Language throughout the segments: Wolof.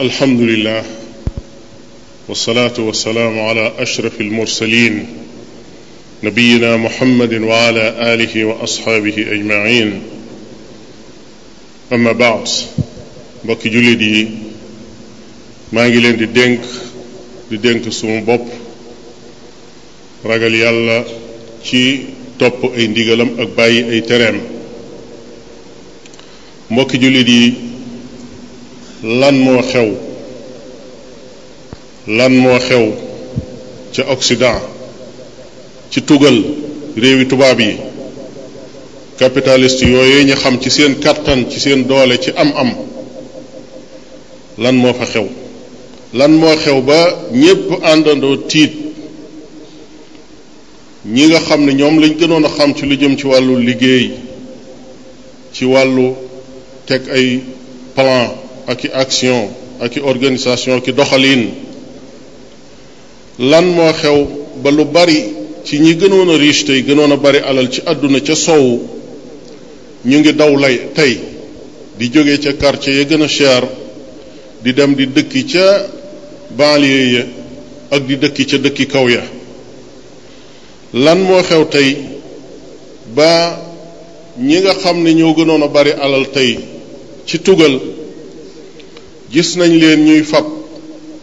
alhamdulilah wasalaatu wasalaamu ala ashraf almursalin nabiyina muhammadin wa ala alihi wa asxaabihi ajmain ama baad mbokki jullit yi maa ngi leen di dénk di dénk suma bopp ragal yàlla ci topp ay ndigalam ak bàyyi ay tereem mbokki jullit yi lan moo xew lan moo xew ca Occident ci tugal réewi tubaab yi capitaliste yooyu ñu xam ci seen kàttan ci seen doole ci am-am lan moo fa xew lan moo xew ba ñépp àndandoo tiit ñi nga xam ne ñoom lañ gënoon a xam ci lu jëm ci wàllu liggéey ci wàllu teg ay plan ak i action ak i organisation ak i doxalin lan moo xew ba lu bari ci ñi gënoon a tey gënoon a bari alal ci àdduna ca soow ñu ngi daw lay tey di jóge ca quartier ya gën a cher di dem di dëkki ca banlieue ya ak di dëkki ca dëkki kaw ya lan moo xew tey ba ñi nga xam ne ñoo gënoon a bari alal tey ci tugal gis nañ leen ñuy fab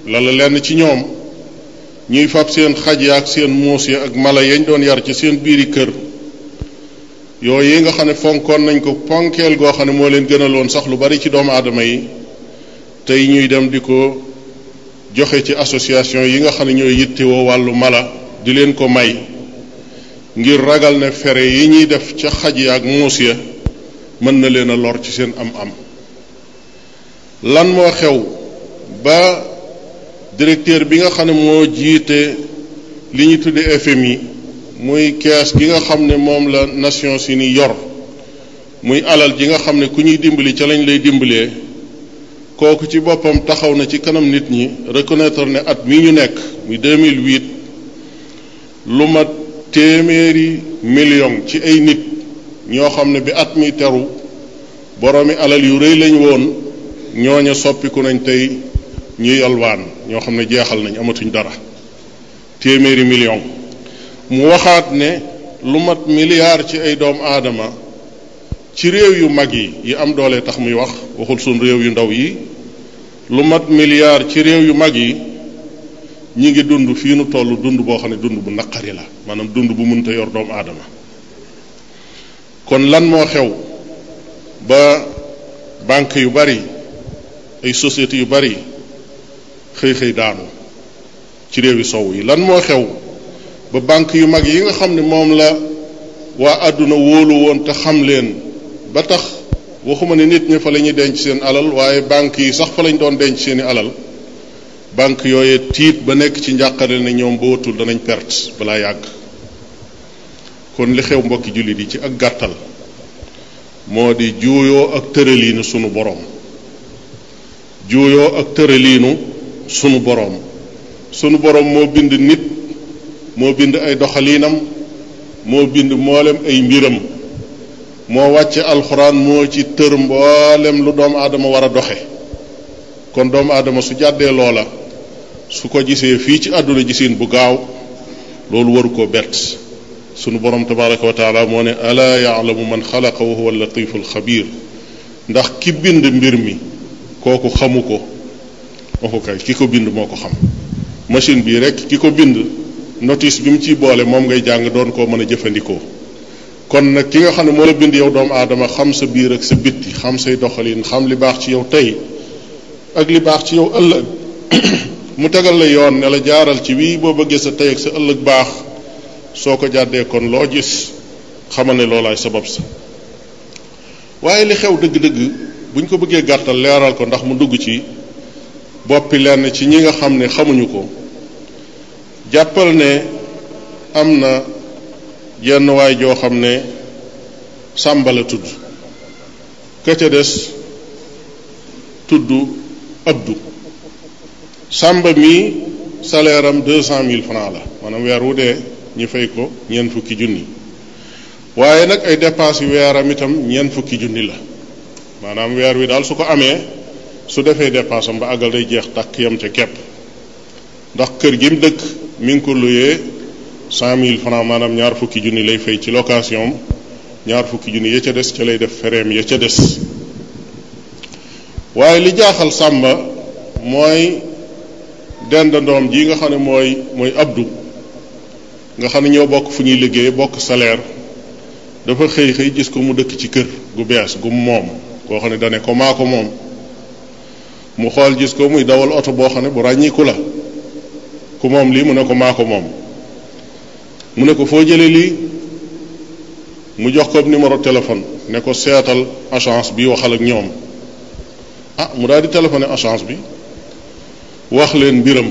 lala lenn ci ñoom ñuy fab seen xaj ya ak seen muus ya ak mala yañ doon yar ci seen biiri kër yooyu nga xam ne fonkoon nañ ko ponkeel goo xam ne moo leen gënaloon sax lu bari ci doomu aadama yi tey ñuy dem di ko joxe ci association yi nga xam ne ñooy yittewoo wàllu mala di leen ko may ngir ragal ne fere yi ñuy def ca xaj ya ak muus ya mën na leen a lor ci seen am-am. lan moo xew ba directeur bi nga xam ne moo jiite li ñu tudde FMI muy kees gi nga xam ne moom la Nations Unies yor muy alal ji nga xam ne ku ñuy dimbali ca lañ lay dimbalee kooku ci boppam taxaw na ci kanam nit ñi reconnaître ne at mi ñu nekk muy 2008 lu mat téeméeri million ci ay nit ñoo xam ne bi at mi teru boroomi alal yu rëy lañ woon ñooña soppiku nañ tey ñuy yalwaan ñoo xam ne jeexal nañ amatuñ dara téeméeri million mu waxaat ne lu mat milliard ci ay doomu aadama ci réew yu mag yi yi am doole tax muy wax waxul suñ réew yu ndaw yi lu mat milliard ci réew yu mag yi ñi ngi dund fii nu toll dund boo xam ne dund bu naqari la maanaam dund bu mënta yor doomu aadama kon lan moo xew ba banque yu bari ay sociétés yu bari xëy xëy daanu ci réew yi sow yi lan moo xew ba banque yu mag yi nga xam ne moom la waa àdduna wóolu woon te xam leen ba tax waxuma ne nit ñi fa la ñuy denc seen alal waaye banque yi sax fa lañ doon denc seeni alal banque yooye tiit ba nekk ci njàqare ne ñoom ba watul danañ perte balaa yàgg kon li xew mbokki jullit yi ci ak gàttal moo di juuyoo ak tëraliinu sunu borom juuyoo ak tëraliinu sunu boroom sunu boroom moo bind nit moo bind ay doxaliinam moo bind mboolem ay mbiram moo wàcce alxuraan moo ci tër mboolem lu doom aadama war a doxe kon doomu aadama su jàddee loola su ko gisee fii ci àdduna gisiin bu gaaw loolu waru koo bett sunu borom tabaraka wa moo ne ala yaalamu man xalaqa wa huwa latiful xabir ndax ki bind mbir mi kooku xamu ko waxu kay ki ko bind moo ko xam machine bii rek ki ko bind notice bi mu ciy boole moom ngay jàng doon koo mën a jëfandikoo kon nag ki nga xam ne moo la bind yow doomu aadama xam sa biir ak sa bitti xam say doxalin xam li baax ci yow tey ak li baax ci yow ëllëg mu tegal la yoon ne la jaaral ci wii boo bëggee sa tey ak sa ëllëg baax soo ko jàddee kon loo gis xamal ne loolaay sabab sa waaye li xew dëgg-dëgg buñ ko bëggee gàttal leeral ko ndax mu dugg ci boppi lenn ci ñi nga xam ne xamuñu ko jàppal ne am na jenn waay joo xam ne Sàmba la tudd ka des tudd Abdu Sàmba mi salaire am deux cent mille francs la maanaam weer wu dee ñu fay ko ñeent fukki junni waaye nag ay dépenses yu weeram itam ñeent fukki junni la maanaam weer wi daal su ko amee su defee dépense ba àggal day jeex tàkk yam ca kepp ndax kër gi mu dëkk mi ngi ko luyee cent mille francs maanaam ñaar fukki junni lay fay ci location ñaar fukki junni ya ca des ca lay def fereem ya ca des waaye li jaaxal sàmba mooy dendandoom ji nga xam ne mooy mooy abdu nga xam ne ñoo bokk fu ñuy liggéey bokk salaire dafa xëy xëy gis ko mu dëkk ci kër gu bees gu moom koo xam ne dane ko maa ko moom mu xool gis ko muy dawal oto boo xam ne bu ràññiku la ku moom lii mu ne ko maa ko moom mu ne ko foo jëlee lii mu jox ko numéro téléphone ne ko seetal agence bi waxal ak ñoom ah mu daal di téléphoné agence bi wax leen mbiram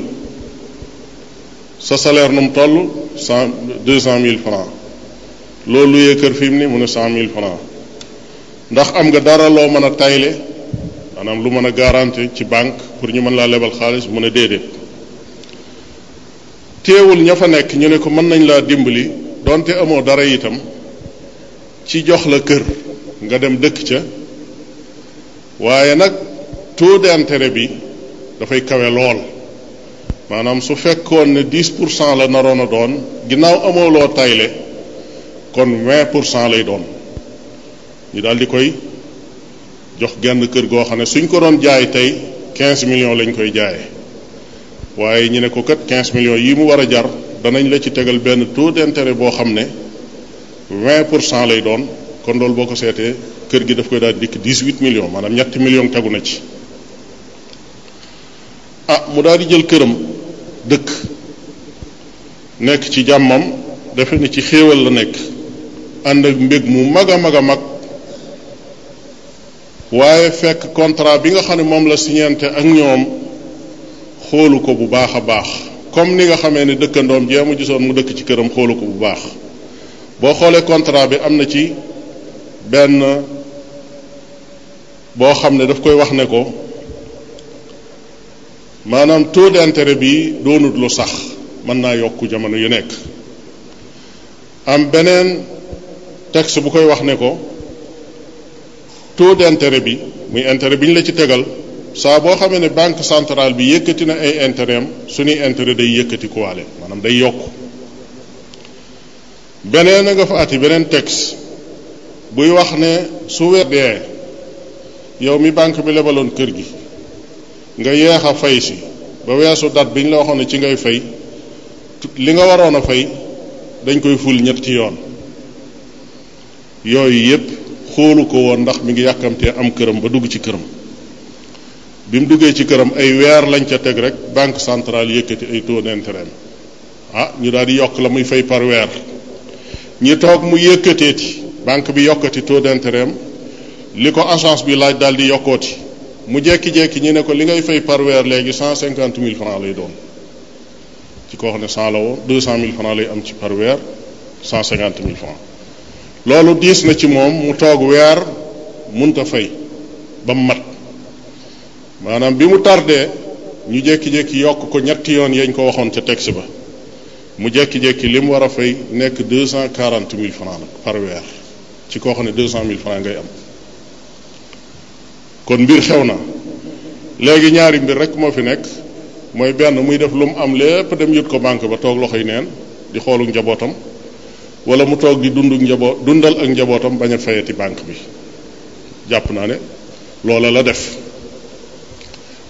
sa salaire nu mu toll cent deux cent mille francs loolu luyee kër fii mu ni mu ne cent mille francs ndax am nga dara loo mën a tayle maanaam lu mën a garanti ci banque pour ñu mën laa lebal xaalis mu ne déedéet teewul ña fa nekk ñu ne ko mën nañ laa dimbali donte amoo dara itam ci jox la kër nga dem dëkk ca waaye nag taux d'intérêt bi dafay kawe lool maanaam su fekkoon ne dix pour cent la naroon a doon ginnaaw amoo loo tayle kon vingt pour cent lay doon ñu daal di koy jox genn kër goo xam ne suñ ko doon jaay tey 15 millions lañ koy jaayee waaye ñu ne ko kat quinze millions yi mu war a jar danañ la ci tegal benn taux d'intérêt boo xam ne 20 pour cent lay doon kon loolu boo ko seetee kër gi daf koy daal dikk 18 millions maanaam ñetti millions tegu na ci ah mu daal di jël këram dëkk nekk ci jàmmam defe ne ci xéewal la nekk ànd ak mbég mu mag a mag a mag waaye fekk contrat bi nga xam ne moom la signante ak ñoom xoolu ko bu baax a baax comme ni nga xamee ne dëkkandoom jee mu soon mu dëkk ci këram xoolu ko bu baax boo xoolee contrat bi am na ci benn boo xam ne daf koy wax ne ko maanaam taux d'intérêt bi doonut lu sax mën naa yokk jamono yu nekk am beneen texte bu koy wax ne ko taux intere bi muy intere bi ñu la ci tegal saa boo xamee ne banque centrale bi yëkkati na ay intérêt am suñuy intérêt day yëkkati kuwaale maanaam day yokk beneen a nga fa ati beneen texte buy wax ne su weer yow mi banque bi lebaloon kër gi nga yeex a fay si ba weesu dat bi ñu la waxoon ne ci ngay fay li nga waroon a fay dañ koy ful ñetti yoon yooyu yépp xoolu ko woon ndax mi ngi yàkkamtee am këram ba dugg ci këram bi mu duggee ci këram ay weer lañ ca teg rek banque centrale yëkkati ay taux d'intérêt ah ñu daal di yokk la muy fay par weer ñi toog mu yëkkateeti banque bi yokkati taux d'intérêt li ko agence bi laaj daal di mu jekki-jekki ñi ne ko li ngay fay par weer léegi cent cinquante mille francs lay doon ci koo xam ne cent la woo deux cent mille francs lay am ci par weer cent cinquante mille loolu diis na ci moom mu toog weer munta fay ba mu mat maanaam bi mu tardee ñu jékki-jékki yokk ko ñetti yoon yañ ko waxoon ca texte ba mu jékki-jékki li mu war a fay nekk deux cent quarante mille francs par weer ci koo xam ne deux cent mille francs ngay am kon mbir xew na léegi ñaari mbir rekk moo fi nekk mooy benn muy def lu mu am lépp dem yut ko banque ba toog loxoy neen di xoolu njabootam wala mu toog di dund ak dundal ak njabootam bañ a fayati banque bi jàpp naa ne loola la def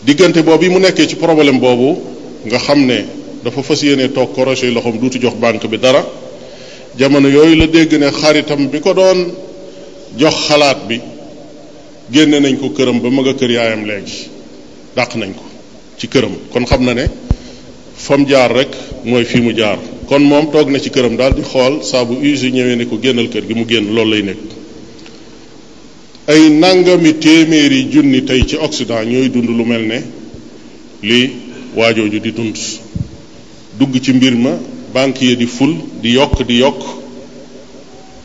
diggante boobu mu nekkee ci problème boobu nga xam ne dafa fas yéene toog koroche yi loxoom duuti jox banque bi dara jamono yooyu la dégg ne xaritam bi ko doon jox xalaat bi génne nañ ko këram ba ma nga kër yaayam léegi dàq nañ ko ci këram kon xam na ne fam jaar rek mooy fii mu jaar kon moom toog na ci këram daal di xool saabu bu use ñëwee ne ko génnal kër gi mu génn loolu lay nekk ay nangami téeméeri junni tey ci Occident ñooy dund lu mel ne li waajooju di dund dugg ci mbir ma banque yi di ful di yokk di yokk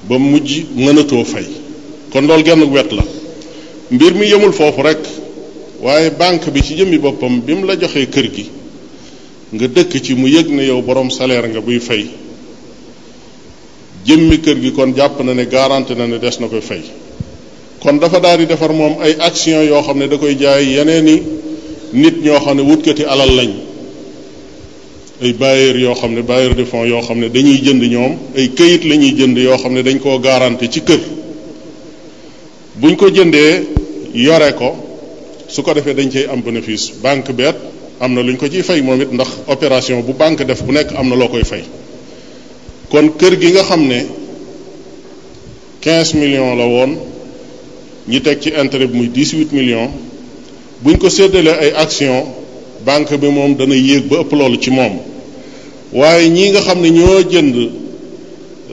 ba mujj mënatoo fay kon loolu genn wet la mbir mi yemul foofu rek waaye banque bi ci jëmmi boppam bi mu la joxee kër gi nga dëkk ci mu yëg na yow borom saleer nga buy fay jëmmi kër gi kon jàpp na ne garanti na ne des na koy fay kon dafa daal di defar moom ay action yoo xam ne da koy jaay yeneen i nit ñoo xam ne wutkati alal lañ ay bailleurs yoo xam ne bailleurs de fonds yoo xam ne dañuy jënd ñoom ay këyit la ñuy jënd yoo xam ne dañ koo garanti ci kër buñ ko jëndee yore ko su ko defee dañ cay am bénéfice banque beet am na lu ñu ko ci fay moom it ndax opération bu banque def bu nekk am na loo koy fay kon kër gi nga xam ne 15 millions la woon ñi teg ci intérêt bi muy million millions buñ ko seddalee ay action banque bi moom dana yéeg ba ëpp loolu ci moom waaye ñi nga xam ne ñoo jënd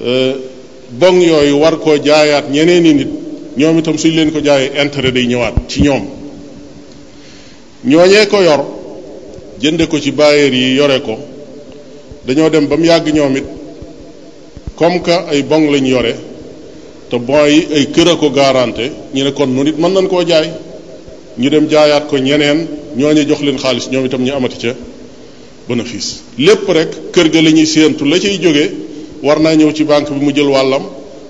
euh, bong yooyu war koo jaayaat ñeneen i nit ñoom itam suñ leen ko jaayee intérêt day ñëwaat ci ñoom ñooñee ko yor jënde ko ci bailleurs yi yore ko dañoo dem ba mu yàgg ñoom it comme que ay bong lañ yore te bon yi ay kër a ko garante ñu ne kon nun it mën lañ koo jaay ñu dem jaayaat ko ñeneen ñooñu jox leen xaalis ñoom itam ñu amati ca bénéfice lépp rek kër ga lañuy ñuy séentu la ciy jóge war naa ñëw ci banque bi mu jël wàllam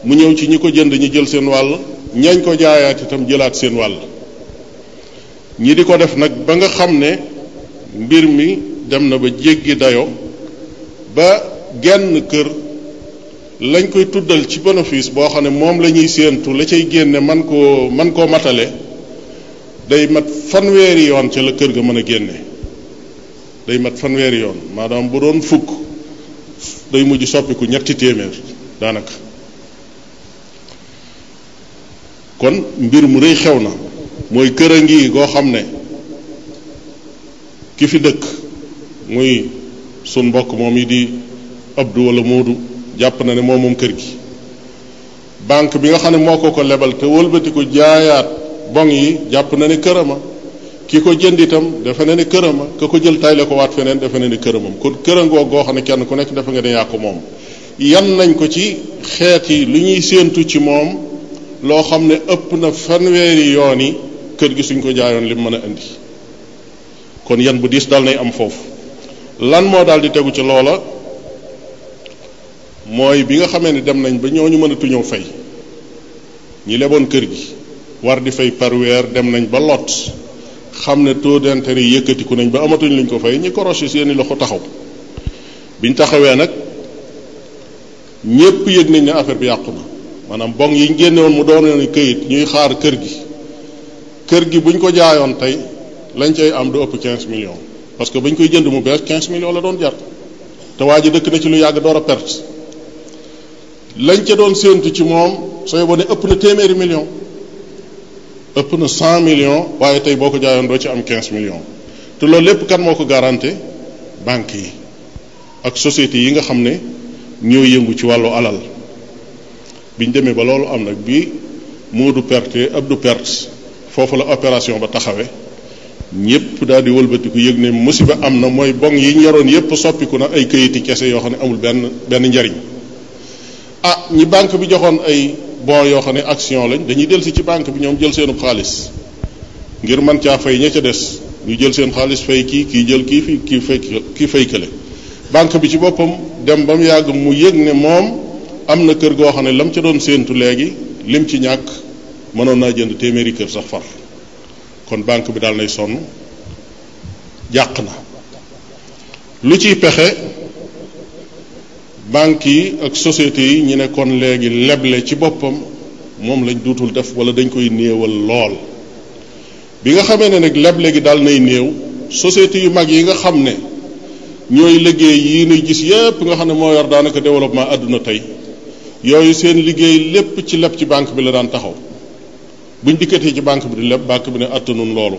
mu ñëw ci ñi ko jënd ñi jël seen wàll ñañ ko jaayaat itam jëlaat seen wàll ñi di ko def nag ba nga xam ne mbir mi dem na ba jéggi dayoo ba genn kër lañ koy tuddal ci bénéfice boo xam ne moom lañuy ñuy séentu la cay génne man koo man koo matale day mat fanweeri yoon ca la kër ga mën a génne day mat fanweeri yoon maanaam bu doon fukk day mujj soppiku ñetti téeméer daanaka kon mbir mu rëy xew na mooy kër a ngi goo xam ne ki fi dëkk muy sun mbokk moom yi di Abdou wala muudu jàpp na ne moom moom kër gi banque bi nga xam ne moo ko ko lebal te wëlbatiku jaayaat bon yi jàpp na ne kërama ki ko jënd itam defe na ne kërama ka ko jël tayle ko waat feneen defe na ne këramam kon kërangoo goo xam ne kenn ku nekk defe nga ne yaa ko moom yan nañ ko ci xeet yi li ñuy séentu ci moom loo xam ne ëpp na fanweeri yoon yi kër gi suñ ko jaayoon lim mën a indi kon yan bu diis dal nay am foofu lan moo daal di tegu ci loola mooy bi nga xamee ni dem nañ ba ñooñu mënatuñoo fay ñi leboon kër gi war di fey par weer dem nañ ba lot xam ne taux d'intérêt yi yëkkatiku nañ ba amatuñ luñ ko fay ñi korosé seeni loxo taxaw biñ taxawee nag ñépp yëg nañ ne affaire bi yàqu na maanaam bong yi ñu mu doon ne kayit ñuy xaar kër gi kër gi buñ ko jaayoon tey lañ cay am du ëpp million parce que bañ koy jënd mu bees 15 millions la doon jar te waa ji dëkk na ci lu yàgg door a perte lañ ca doon séentu ci moom sooy bone ëpp na téeméeri millions ëpp na million waaye tey boo ko jaayoon doo ci am 15 millions te loolu lépp kan moo ko garanti banque yi ak société yi nga xam ne ñoo yëngu ci wàllu alal biñ demee ba loolu am nag bi moo du perte ab du perte foofu la opération ba taxawee. ñëpp daal di wëlbatiku yëg ne musiba am na mooy boŋ yi ñoroon yëpp soppiku na ay këyiti kese yoo xam ne amul benn benn njariñ ah ñi banque bi joxoon ay bon yoo xam ne action lañ dañuy delsi ci banque bi ñoom jël seenub xaalis ngir man caa fay ña ca des ñu jël seen xaalis fay kii kii jël kii fi kii fay kii fay kële banque bi ci boppam dem ba mu yàgg mu yëg ne moom am na kër goo xam ne lam ca doon séentu léegi lim ci ñàkk mënoon naa jënd téeméeri kër sax far kon banque bi daal nay sonn jàq na lu ciy pexe banque yi ak société yi ñu ne kon léegi leble ci boppam moom lañ duutul def wala dañ koy néewal lool bi nga xamee ne nag leble gi daal nay néew société yu mag yi nga xam ne ñooy liggéey yi nuy gis yépp nga xam ne moo yor daanaka développement àdduna tey yooyu seen liggéey lépp ci leb ci banque bi la daan taxaw buñ dikkatee ci banque bi di leb banque bi ne attanun loolu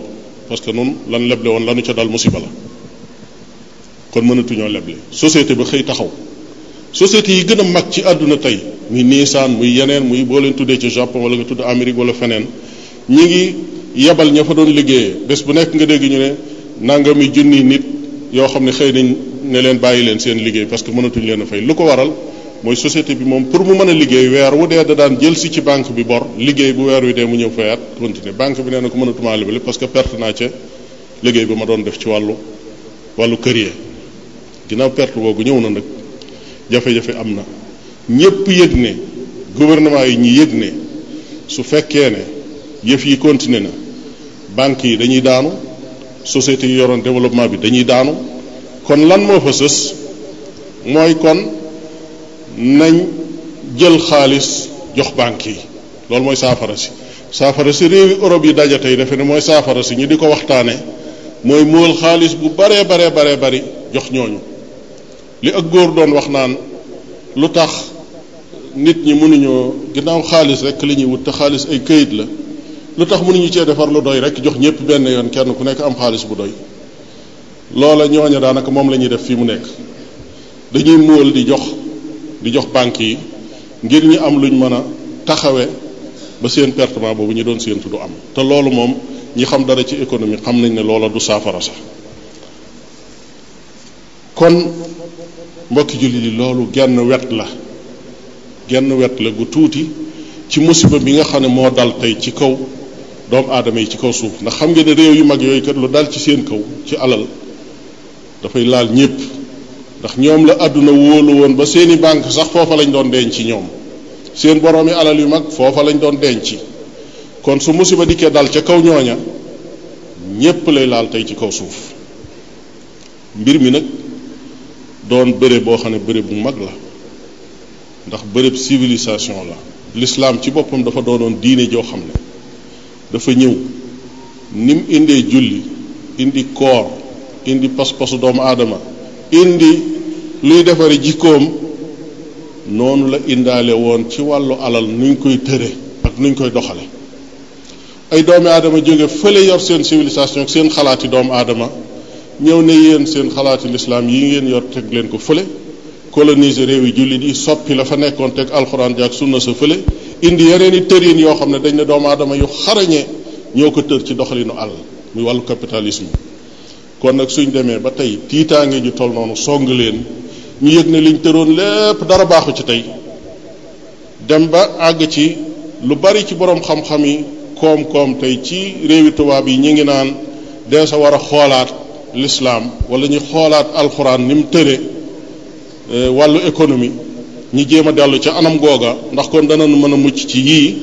parce que nun lan leble woon lanu ca dal musiba la kon mënatuñoo leble société bi xëy taxaw société yi gën a mag ci àdduna tey muy Nissan muy yeneen muy boo leen tuddee ci Japon wala nga tudd Amérique wala feneen ñi ngi yebal ña fa doon liggéeyee bés bu nekk nga dégg ñu ne nangami junni nit yoo xam ne xëy nañ ne leen bàyyi leen seen liggéey parce que mënatuñ leen a lu ko waral mooy société bi moom pour mu mën a liggéey weer wu dee da daan jël si ci banque bi bor liggéey bu weer wi dee mu ñëw fayaat continuer banque bi nee na ko mënatumaa lebal parce que perte naa liggéey bi ma doon def ci wàllu wàllu kër yi ginnaaw perte googu ñëw na nag jafe-jafe am na ñépp yëg ne gouvernement yi ñi yëg ne su fekkee ne yëf yi continuer na banque yi dañuy daanu sociétés yi yoroon développement bi dañuy daanu kon lan moo fa sës mooy kon nañ jël xaalis jox banque yi loolu mooy saafara si saafara si réewi Europe yi daje tey defe ne mooy saafara si ñu di ko waxtaane mooy mool xaalis bu baree baree baree bari jox ñooñu li ak góor doon wax naan lu tax nit ñi mënuñoo ginnaaw xaalis rek li ñuy wut te xaalis ay kayit la lu tax mënuñu cee defar lu doy rek jox ñëpp benn yoon kenn ku nekk am xaalis bu doy loola ñooña daanaka moom la ñuy def fii mu nekk dañuy mool di jox di jox banque yi ngir ñi am luñ mën a taxawe ba seen pertement boobu ñu doon séentu du am te loolu moom ñi xam dara ci économie xam nañ ne loola du saafara sax kon mbokki jullit yi loolu genn wet la genn wet la gu tuuti ci musiba bi nga xam ne moo dal tey ci kaw doomu aadama yi ci kaw suuf ndax xam nga ne réew yu mag yooyu kat lu dal ci seen kaw ci alal dafay laal ñépp ndax ñoom la àdduna wóolu woon ba seeni bànk sax foofa lañu doon denc ñoom seen boroomi alal yu mag foofa lañ doon denc kon su musiba dikkee dal ca kaw ñooña ñépp lay laal tey ci kaw suuf mbir mi nag doon bëre boo xam ne bëre bu mag la ndax bërëb civilisation la lislaam ci boppam dafa doonoon diine joo xam ne dafa ñëw ni mu indee julli indi koor indi pas-pasu doomu aadama indi liy defari jikkoom noonu la indaale woon ci wàllu alal nuñ koy tëre ak nuñ koy doxale ay doomi aadama jóge fële yor seen civilisation ak seen xalaati doomu aadama ñëw ne yéen seen xalaati lislaam yi ngeen yor teg leen ko fële coloniser réew yi jullit yi soppi la fa nekkoon teg alxuraan jaak sunna sa fële indi yeneen i tëriin yoo xam ne dañ ne doomu aadama yu xarañe ñoo ko tër ci doxalinu àll muy wàllu capitalisme kon nag suñ demee ba tey tiitaange ju toll noonu song leen ñu yëg na liñ tëroon lépp dara baaxu ci tey dem ba àgg ci lu bari ci boroom xam-xam yi koom-koom tey ci réewi tubaab yi ñu ngi naan dee sa war a xoolaat lislaam wala ñu xoolaat alxuraan ni mu tëre eh, wàllu économie ñi jéem a dellu ca anam googa ndax kon danañ mën a mucc ci yii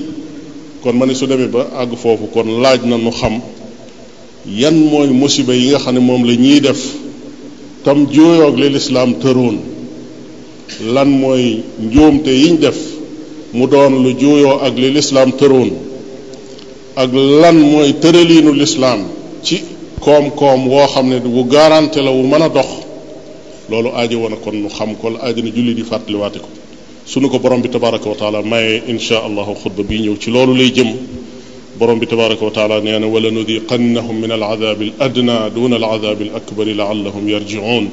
kon ma ne su demee ba àgg foofu kon laaj na nu xam yan mooy musiba yi nga xam ne moom la ñuy def tam jooyoog li lislaam tëroon lan mooy njuumte yiñ def mu doon lu juuyoo ak li lislaam tëroon ak lan mooy tëraliinu lislaam ci koom-koom woo xam ne bu garanti la wu mën a dox loolu aaji woon kon nu xam ko la aaji na julli di fàttaliwaate ko sunu ko borom bi tabaraka wa taala maye insha allahu xutba bii ñëw ci loolu lay jëm borom bi tabaraka wa taala nee na wala nudiqannahum min al adabi al adna duna al adabi al akbari laallahum yarjiun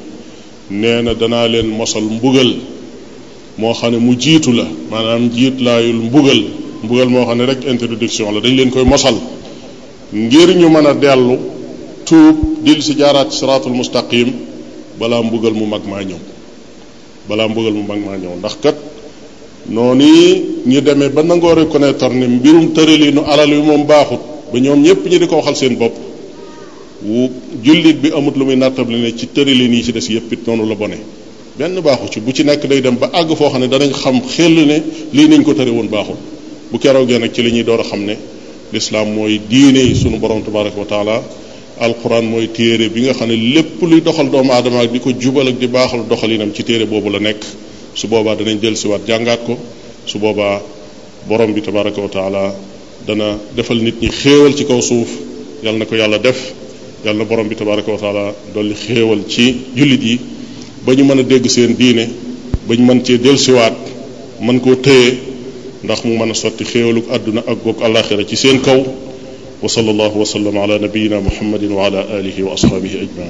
nee na danaa leen mosal mbugal moo xam ne mu jiitu la maanaam jiit laayul mbugal mbugal moo xam ne rek introduction la dañ leen koy mosal ngir ñu mën a dellu tuub dil si jaaraat siraatul mustaqim balaa mbugal mu mag maa ñëw balaa mbugal mu mag maa ñëw ndax kat noonu ñu demee ba nangoo reconnaître ni mbirum tëralinu alal yi moom baaxut ba ñoom ñépp ñi di ko waxal seen bopp jullit bi amut lu muy nattable ne ci li yi ci des yëpp it noonu la bone benn baaxu ci bu ci nekk day dem ba àgg foo xam ne danañ xam xel ne lii nañ ko tëre woon baaxul bu keroogee nag ci li ñuy door a xam ne lislaam mooy diine sunu borom tabaraka wa taala alquran mooy téere bi nga xam ne lépp luy doxal doomu aadama ak di ko jubal ak di baaxul doxalinam ci téere boobu la nekk su boobaa danañ jël siwaat jàngaat ko su boobaa borom bi tabaraka wa taala dana defal nit ñi xéewal ci kaw suuf yàlla na ko yàlla def yàlla borom bi tabaraka wa taala dolli xéewal ci jullit yi ba ñu mën a dégg seen diine ba ñu mën cee dellusiwaat mën koo téye ndax mu mën a sotti xéewaluk àdduna ak goog alaxira ci seen kaw wa sallallahu wa sallam ala nabiyina muhammadin wa ala wa ashabihi ajmain